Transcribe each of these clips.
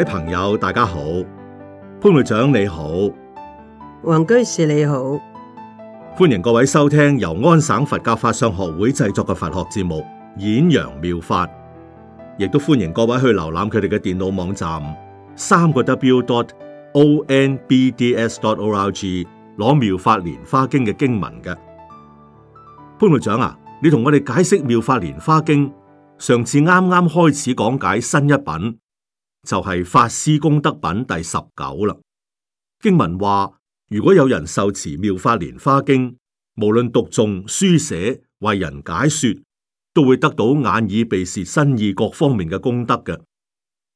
各位朋友，大家好，潘會長你好，黃居士你好，歡迎各位收聽由安省佛教法相學會製作嘅佛學節目《演揚妙法》，亦都歡迎各位去瀏覽佢哋嘅電腦網站：三個 w dot o n b d s dot o r g 攞《妙法蓮花經》嘅經文嘅。潘會長啊，你同我哋解釋《妙法蓮花經》，上次啱啱開始講解新一品。就係法師功德品第十九啦。經文話，如果有人受持妙法蓮華經，無論讀誦、書寫、為人解說，都會得到眼耳鼻舌身意各方面嘅功德嘅。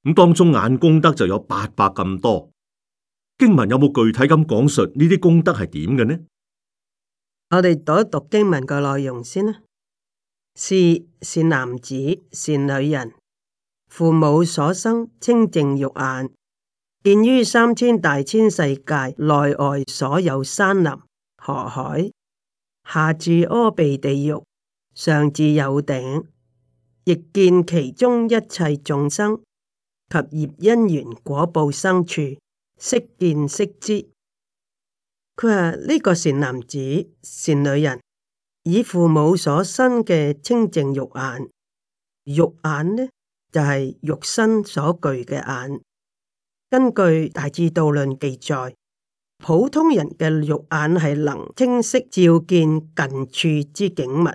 咁當中眼功德就有八百咁多。經文有冇具體咁講述呢啲功德係點嘅呢？我哋讀一讀經文嘅內容先啦。是善男子，善女人。父母所生清淨肉眼，見於三千大千世界內外所有山林河海，下至阿鼻地獄，上至有頂，亦見其中一切眾生及業因緣果報生處，悉見悉知。佢話呢個善男子、善女人以父母所生嘅清淨肉眼，肉眼呢？就係肉身所具嘅眼。根據《大智度論》記載，普通人嘅肉眼係能清晰照見近處之景物，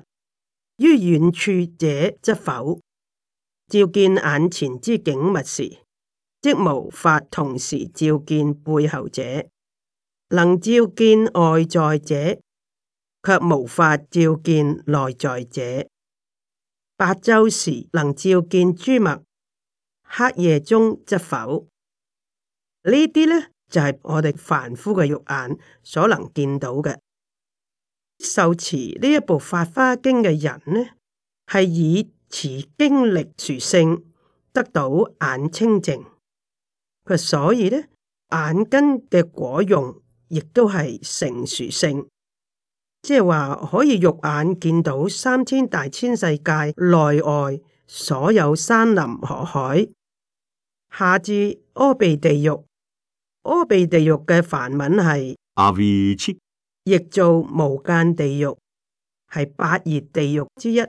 於遠處者則否。照見眼前之景物時，即無法同時照見背後者。能照見外在者，卻無法照見內在者。白晝時能照見諸物，黑夜中則否。這些呢啲咧就係、是、我哋凡夫嘅肉眼所能見到嘅。受持呢一部《法華經》嘅人呢，係以持經力殊勝，得到眼清淨。佢所以咧，眼根嘅果用亦都係成殊勝。即係話可以肉眼見到三千大千世界內外所有山林河海，下至阿鼻地獄。阿鼻地獄嘅梵文係阿維切，亦做無間地獄，係八熱地獄之一。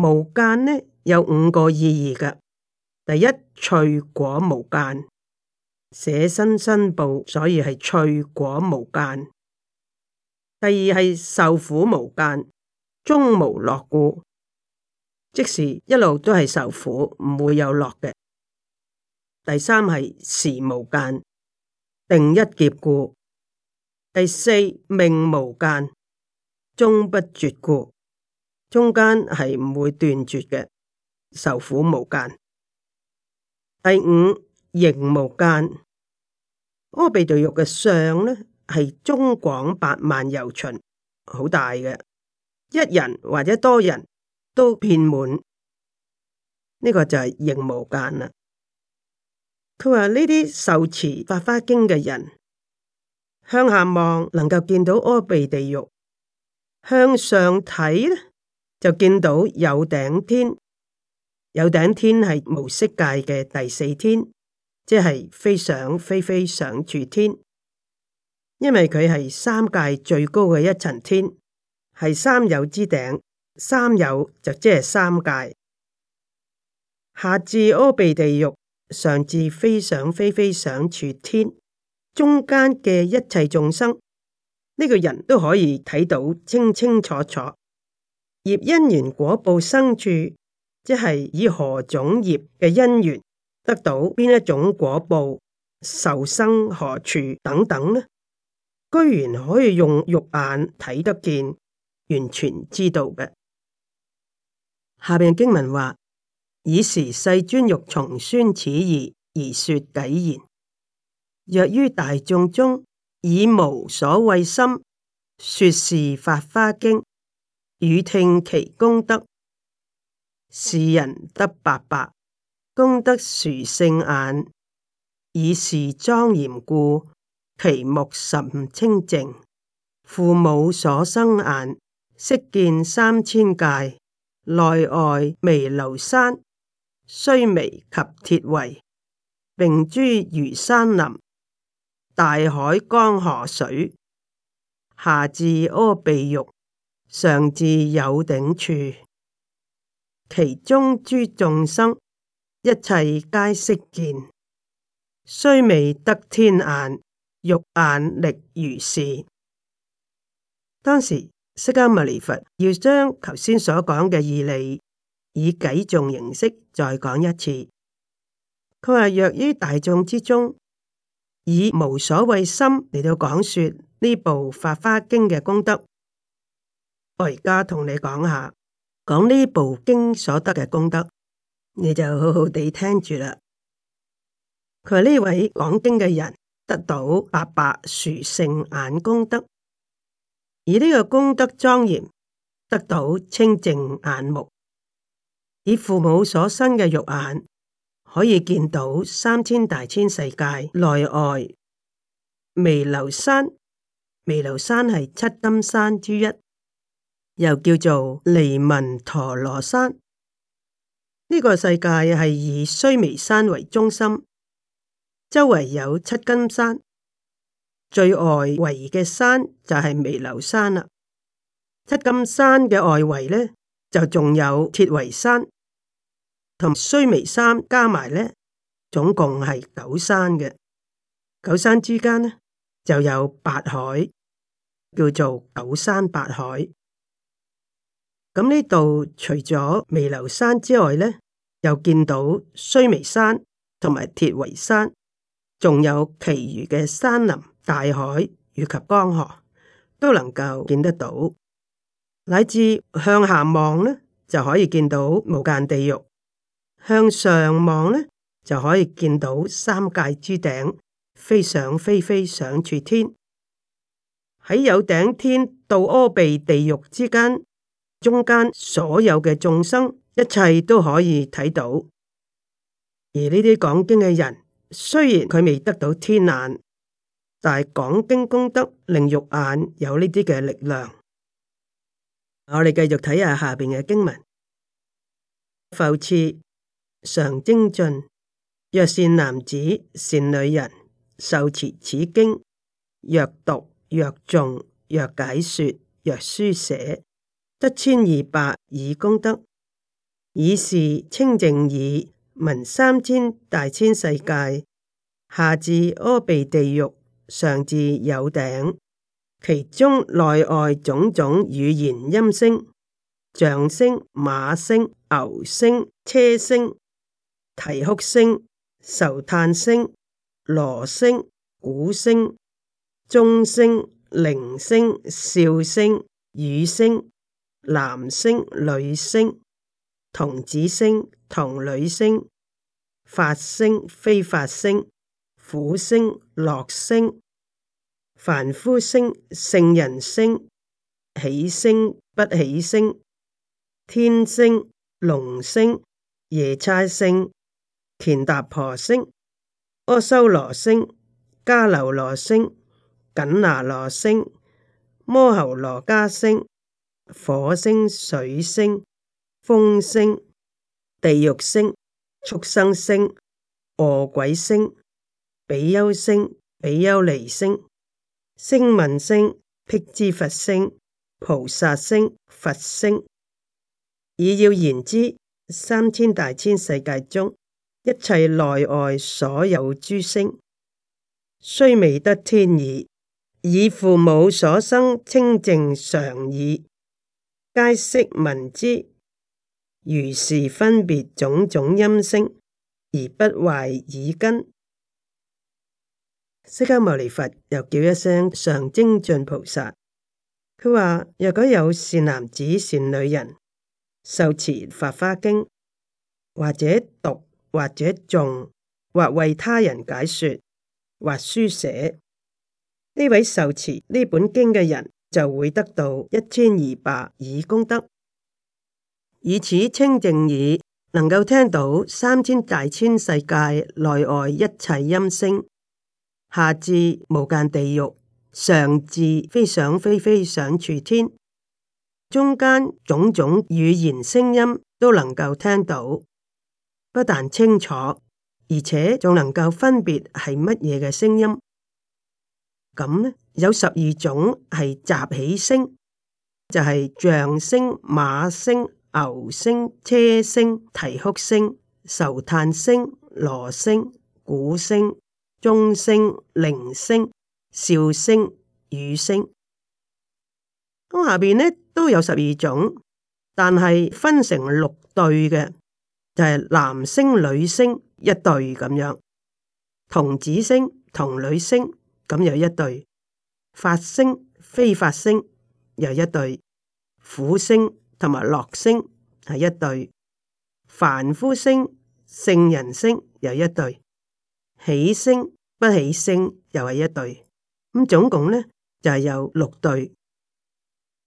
無間呢有五個意義嘅，第一趣果無間，捨身生報，所以係趣果無間。第二係受苦無間，終無樂故，即使一路都係受苦，唔會有樂嘅。第三係時無間，定一劫故。第四命無間，終不絕故，中間係唔會斷絕嘅，受苦無間。第五形無間，阿鼻地獄嘅相咧。係中廣八萬由旬，好大嘅，一人或者多人都遍滿，呢、呢個就係形無間啦。佢話呢啲受持《法華經》嘅人，向下望能夠見到阿鼻地獄，向上睇咧就見到有頂天，有頂天係無色界嘅第四天，即係非想非非想處天。因為佢係三界最高嘅一層天，係三有之頂。三有就即係三界，下至阿鼻地獄，上至非想非非想處天，中間嘅一切眾生，呢、這個人都可以睇到清清楚楚。業因緣果報生處，即係以何種業嘅因緣，得到邊一種果報，受生何處等等呢？居然可以用肉眼睇得見，完全知道嘅。下邊經文話：以時世尊欲重宣此義而說偈言，若於大眾中以無所畏心說《是法花經》，汝聽其功德，是人得八百功德殊勝眼，以是莊嚴故。其目甚清淨，父母所生眼，悉見三千界內外彌樓山，須彌及鐵圍，並諸餘山林、大海江河水，下至阿鼻獄，上至有頂處，其中諸眾生，一切皆悉見，雖未得天眼。肉眼力如是，當時釋迦牟尼佛要將頭先所講嘅義理，以偈頌形式再講一次。佢話若於大眾之中，以無所畏心嚟到講說呢部法華經嘅功德，我而家同你講下，講呢部經所得嘅功德，你就好好地聽住啦。佢話呢位講經嘅人。得到八百殊勝眼功德，以呢個功德莊嚴，得到清淨眼目，以父母所生嘅肉眼可以見到三千大千世界內外彌流山。彌流山係七金山之一，又叫做尼民陀羅山。呢、這個世界係以須彌山為中心。周圍有七金山，最外圍嘅山就係微流山啦。七金山嘅外圍咧，就仲有鐵圍山同衰微山，加埋咧，總共係九山嘅。九山之間呢，就有八海，叫做九山八海。咁呢度除咗微流山之外咧，又見到衰微山同埋鐵圍山。仲有其餘嘅山林、大海以及江河，都能夠見得到。乃至向下望呢，就可以見到無間地獄；向上望呢，就可以見到三界之頂，非想非非想處天。喺有頂天到阿鼻地獄之間，中間所有嘅眾生，一切都可以睇到。而呢啲講經嘅人，雖然佢未得到天眼，但係講經功德令肉眼有呢啲嘅力量。我哋繼續睇下下邊嘅經文：復次，常精進，若善男子、善女人受持此經，若讀若、若誦、若解說、若書寫，得千二百以功德，以是清淨耳。聞三千大千世界，下至阿鼻地獄，上至有頂，其中內外種種語言音聲、象聲、馬聲、牛聲、車聲、啼哭聲、愁嘆聲、螺聲、鼓聲、鐘聲、鈴聲、笑聲、雨聲、男聲、女聲。童子聲、童女聲、法聲、非法聲、苦聲、樂聲、凡夫聲、聖人聲、起聲、不起聲、天聲、龍聲、夜叉聲、乾達婆聲、阿修羅聲、迦樓羅聲、緊拿羅聲、摩睺羅伽聲、火聲、水聲。風聲、地獄聲、畜生聲、餓鬼聲、比丘聲、比丘尼聲、聲聞聲、辟支佛聲、菩薩聲、佛聲，以要言之，三千大千世界中一切內外所有諸聲，雖未得天耳，以父母所生清淨常耳，皆悉聞之。如是分別種種音聲，而不壞耳根。釋迦牟尼佛又叫一聲常精進菩薩，佢話：若果有善男子、善女人受持《法華經》或，或者讀，或者誦，或為他人解說，或書寫，呢位受持呢本經嘅人就會得到一千二百耳功德。以此清淨耳，能夠聽到三千大千世界內外一切音聲，下至無間地獄，上至飛上飛飛上諸天，中間種種語言聲音都能夠聽到，不但清楚，而且仲能夠分別係乜嘢嘅聲音。咁呢有十二種係雜起聲，就係、是、象聲、馬聲。牛聲、車聲、啼哭聲、愁嘆聲、螺聲、鼓聲、鐘聲、鈴聲、笑聲、雨聲，咁下邊呢都有十二種，但係分成六對嘅，就係、是、男聲、女聲一對咁樣，童子聲、童女聲咁又一對，法聲、非法聲又一對，苦聲。同埋樂聲係一對，凡夫聲、聖人聲又一對，喜聲、不喜聲又係一對，咁總共呢，就係、是、有六對，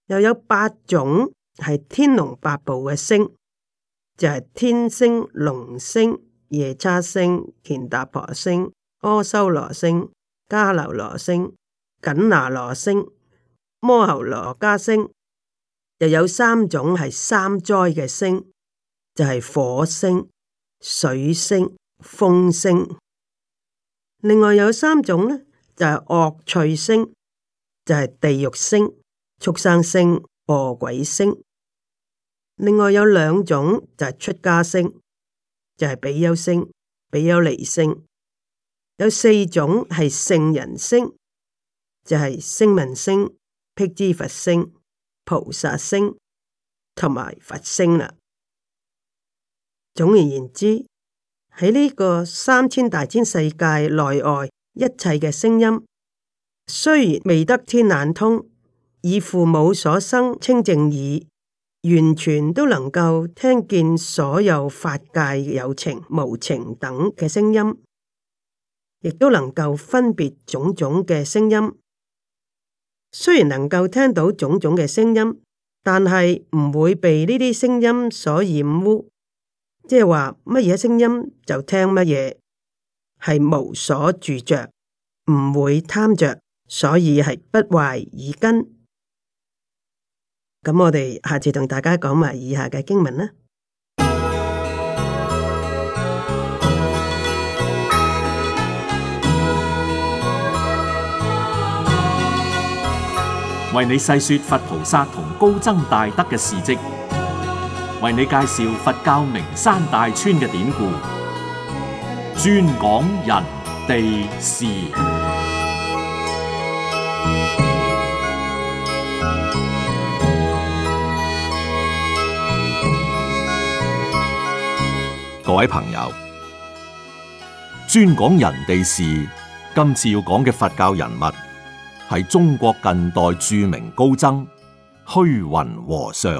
又有八種係天龍八部嘅聲，就係、是、天聲、龍聲、夜叉聲、乾達婆聲、阿修羅聲、迦樓羅聲、緊那羅聲、摩睺羅伽聲。又有三種係三災嘅星，就係、是、火星、水星、風星。另外有三種咧，就係、是、惡趣星，就係、是、地獄星、畜生星、餓鬼星。另外有兩種就係出家星，就係、是、比丘星、比丘尼星。有四種係聖人星，就係、是、聲聞星、辟支佛星。菩薩聲同埋佛聲啦。總而言之，喺呢個三千大千世界內外一切嘅聲音，雖然未得天眼通，以父母所生清淨耳，完全都能夠聽見所有法界有情無情等嘅聲音，亦都能夠分別種種嘅聲音。雖然能夠聽到種種嘅聲音，但係唔會被呢啲聲音所染污，即係話乜嘢聲音就聽乜嘢，係無所住着，唔會貪着，所以係不壞耳根。咁我哋下次同大家講埋以下嘅經文啦。為你細說佛菩薩同高僧大德嘅事跡，為你介紹佛教名山大川嘅典故，專講人地事。各位朋友，專講人地事，今次要講嘅佛教人物。係中國近代著名高僧虛雲和尚。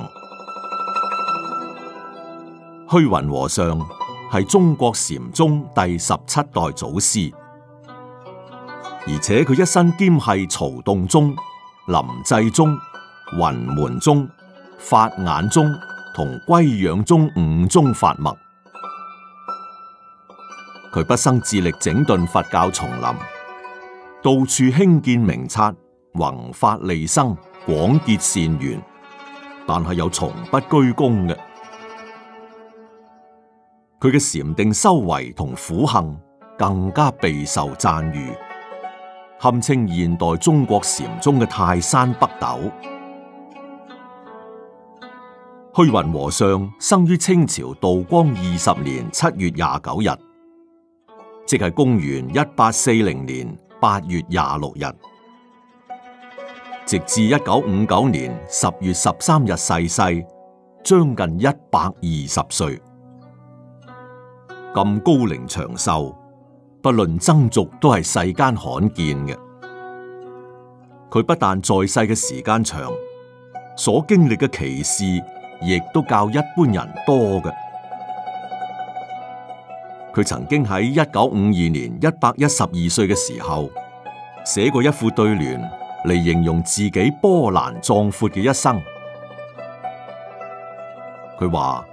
虛雲和尚係中國禪宗第十七代祖師，而且佢一生兼係曹洞宗、臨濟宗、雲門宗、法眼宗同歸仰宗五宗法脈，佢不生致力整頓佛教叢林。到處興建名剎，弘法利生，廣結善緣，但係又從不居功嘅。佢嘅禪定修為同苦行更加備受讚譽，堪稱現代中國禪宗嘅泰山北斗。虛雲和尚生於清朝道光二十年七月廿九日，即係公元一八四零年。八月廿六日，直至一九五九年十月十三日逝世，將近一百二十歲，咁高齡長壽，不論僧俗都係世間罕見嘅。佢不但在世嘅時間長，所經歷嘅奇事，亦都較一般人多嘅。佢曾經喺一九五二年一百一十二歲嘅時候寫過一副對聯嚟，形容自己波瀾壯闊嘅一生。佢話，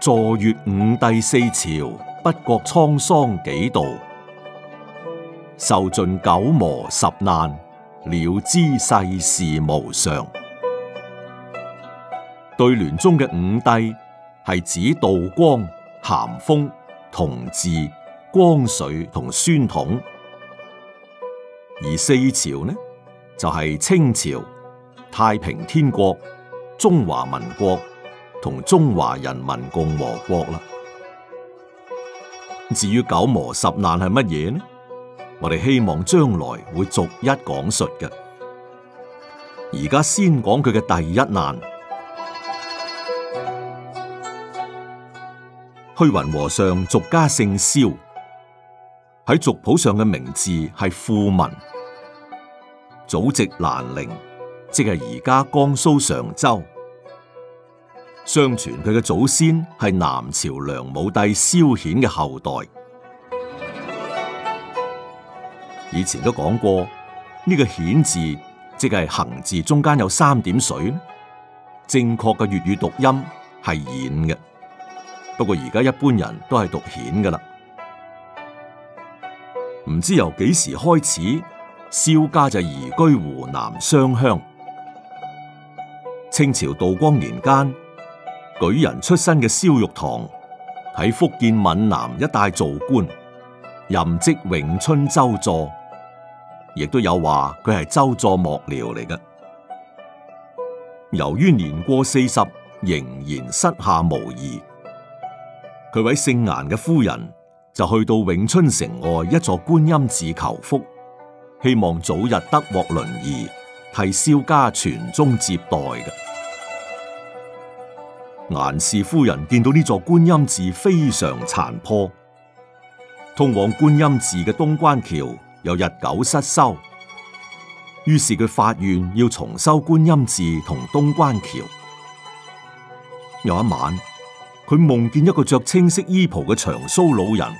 坐閱五帝四朝，不覺滄桑幾度，受盡九磨十難，了知世事無常。對聯中嘅五帝係指道光、咸豐、同治、光緒同宣統，而四朝呢就係清朝、太平天國、中華民國同中華人民共和國啦。至於九磨十難係乜嘢呢？我哋希望將來會逐一講述嘅。而家先講佢嘅第一難。虛雲和尚俗家姓蕭，喺族譜上嘅名字係富民。祖籍蘭陵，即係而家江蘇常州。相傳佢嘅祖先係南朝梁武帝蕭衍嘅後代。以前都講過，呢個衍字即係行字中間有三點水，正確嘅粵語讀音係演嘅。不過而家一般人都係讀顯噶啦唔知由幾時開始，蕭家就移居湖南湘鄉。清朝道光年間，舉人出身嘅蕭玉堂喺福建閩南一帶做官，任職永春州助，亦都有話佢係州助幕僚嚟嘅。由於年過四十，仍然膝下無兒。佢位姓顏嘅夫人就去到永春城外一座觀音寺求福，希望早日得獲麟兒，替蕭家傳宗接代嘅。顏氏夫人見到呢座觀音寺非常殘破，通往觀音寺嘅東關橋又日久失修，於是佢發願要重修觀音寺同東關橋。有一晚。佢夢見一個着青色衣袍嘅長鬚老人，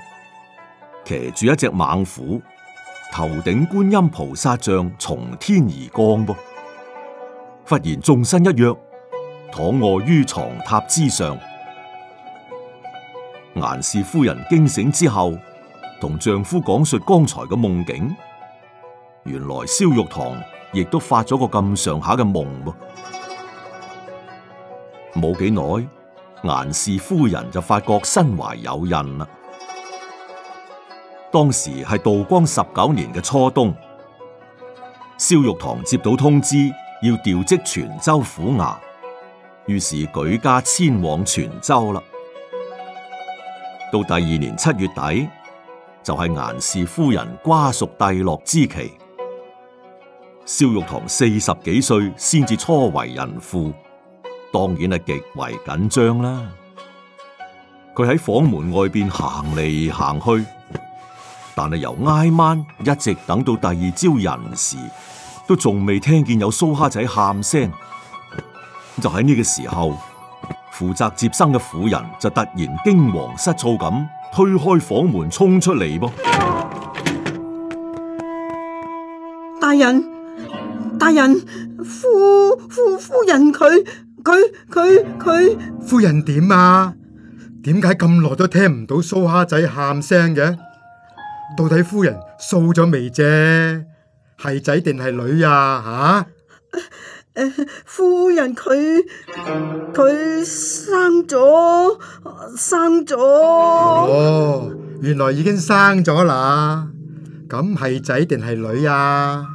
騎住一隻猛虎，頭頂觀音菩薩像從天而降噃。忽然縱身一躍，躺臥於床榻之上。顏氏夫人驚醒之後，同丈夫講述剛才嘅夢境。原來蕭玉堂亦都發咗個咁上下嘅夢噃。冇幾耐。顏氏夫人就發覺身懷有孕啦。當時係道光十九年嘅初冬，蕭玉堂接到通知要調職泉州府衙，於是舉家遷往泉州啦。到第二年七月底，就係顏氏夫人瓜熟蒂落之期。蕭玉堂四十幾歲先至初為人父。當然係極為緊張啦！佢喺房門外邊行嚟行去，但係由挨晚一直等到第二朝人時，都仲未聽見有蘇蝦仔喊聲。就喺呢個時候，負責接生嘅婦人就突然驚惶失措咁推開房門衝出嚟噃！大人，大人，夫夫夫，夫人，佢。佢佢佢，夫人點啊？點解咁耐都聽唔到蘇蝦仔喊聲嘅？到底夫人掃咗未啫？係仔定係女啊？吓、啊？誒、呃呃，夫人佢佢生咗，啊、生咗。哦，原來已經生咗啦。咁係仔定係女啊？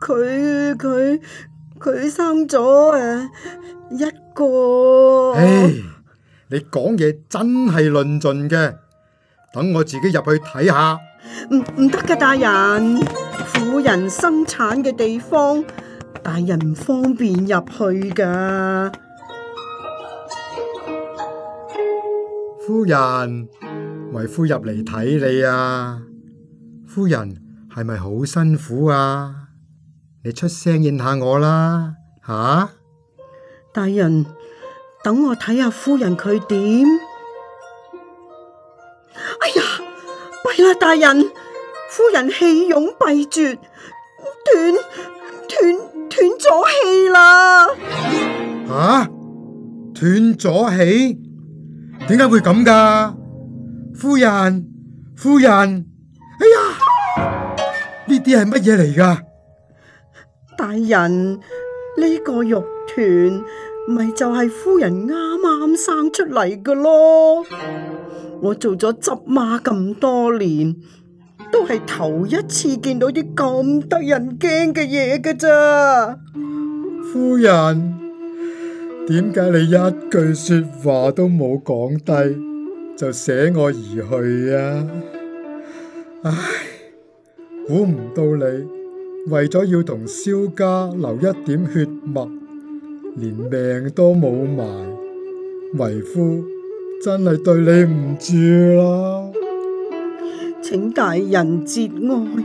佢佢佢生咗誒。哦一個，唉、hey，你講嘢真係論盡嘅。等我自己入去睇下。唔唔得噶，大人，婦人生產嘅地方，大人唔方便入去噶。夫人，為夫入嚟睇你啊！夫人係咪好辛苦啊？你出聲應下我啦，吓、啊！大人，等我睇下夫人佢點。哎呀，弊啦，大人，夫人氣勇閉絕，斷斷斷咗氣啦。吓，斷咗氣？啊，氣？點解會咁噶夫人，夫人，哎呀，呢啲係乜嘢嚟噶大人，呢、呢個肉團。咪就係夫人啱啱生出嚟噶咯！我做咗執媽咁多年，都係頭一次見到啲咁得人驚嘅嘢噶咋！夫人，點解你一句說話都冇講低，就捨我而去啊？唉，估唔到你為咗要同蕭家留一點血脈。連命都冇埋，為夫真係對你唔住啦！請大人節哀。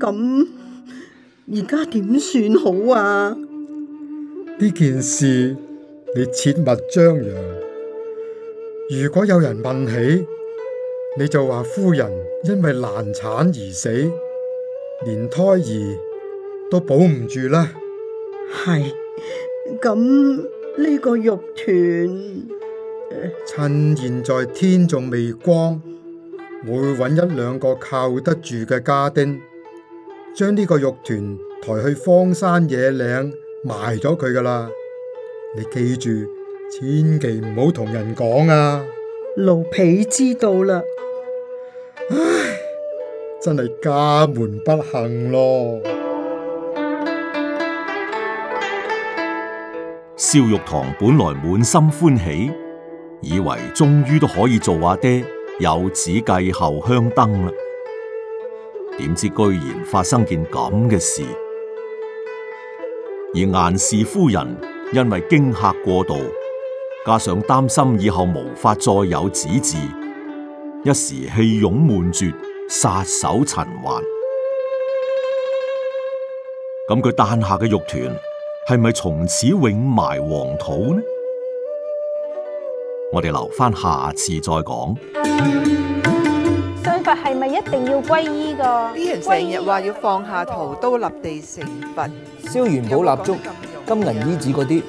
咁而家點算好啊？呢件事你切勿張揚。如果有人問起，你就話夫人因為難產而死，連胎兒都保唔住啦。係。咁呢個肉團，趁現在天仲未光，我會揾一兩個靠得住嘅家丁，將呢個肉團抬去荒山野嶺埋咗佢噶啦。你記住，千祈唔好同人講啊。奴婢知道啦。唉，真係家門不幸咯。蕭玉堂本來滿心歡喜，以為終於都可以做阿爹，有子繼後香燈啦。點知居然發生件咁嘅事，而顏氏夫人因為驚嚇過度，加上擔心以後無法再有子嗣，一時氣湧悶絕，撒手塵寰。咁佢誕下嘅肉團。係咪從此永埋黃土呢？我哋留翻下，下次再講。信佛係咪一定要皈依噶？啲人成日話要放下屠刀立地成佛，燒元寶蠟燭、金銀衣子嗰啲，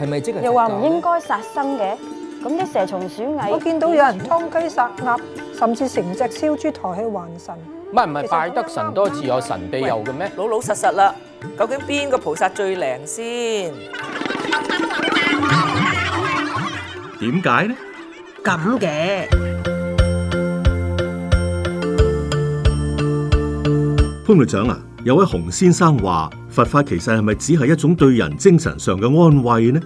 係咪、嗯、即係？又話唔應該殺生嘅，咁、嗯、啲蛇蟲鼠蟻，我見到有人劏雞殺鴨，甚至成隻燒豬抬去還神。唔係唔係，拜得神多自有神庇佑嘅咩？老老實實啦。究竟邊個菩薩最靈先？點解呢？咁嘅潘隊長啊，有位洪先生話：佛法其實係咪只係一種對人精神上嘅安慰呢？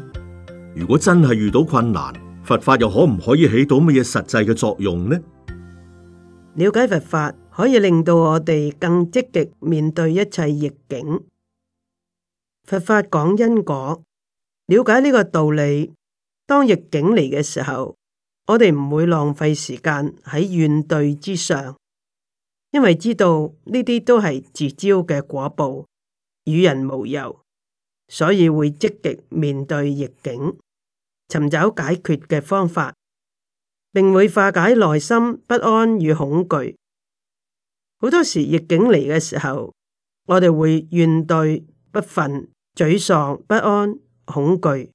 如果真係遇到困難，佛法又可唔可以起到乜嘢實際嘅作用呢？了解佛法可以令到我哋更積極面對一切逆境。佛法講因果，了解呢個道理，當逆境嚟嘅時候，我哋唔會浪費時間喺怨對之上，因為知道呢啲都係自招嘅果報，與人無尤，所以會積極面對逆境，尋找解決嘅方法，並會化解內心不安與恐懼。好多時逆境嚟嘅時候，我哋會怨對不忿。沮喪、不安、恐懼，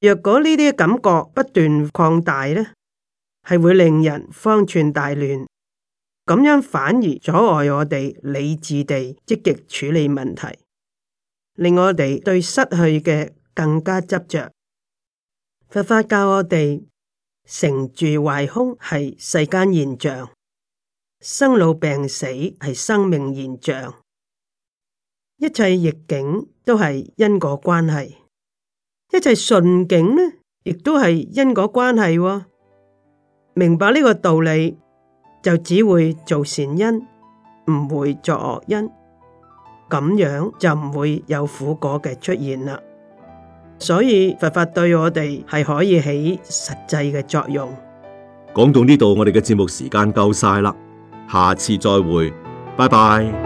若果呢啲感覺不斷擴大呢，係會令人方寸大亂，咁樣反而阻礙我哋理智地積極處理問題，令我哋對失去嘅更加執着。佛法教我哋成住壞空係世間現象，生老病死係生命現象。一切逆境都係因果關係，一切順境呢，亦都係因果關係喎。明白呢個道理，就只會做善因，唔會作惡因，咁樣就唔會有苦果嘅出現啦。所以佛法對我哋係可以起實際嘅作用。講到呢度，我哋嘅節目時間夠晒啦，下次再會，拜拜。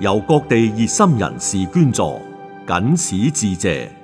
由各地熱心人士捐助，謹此致謝。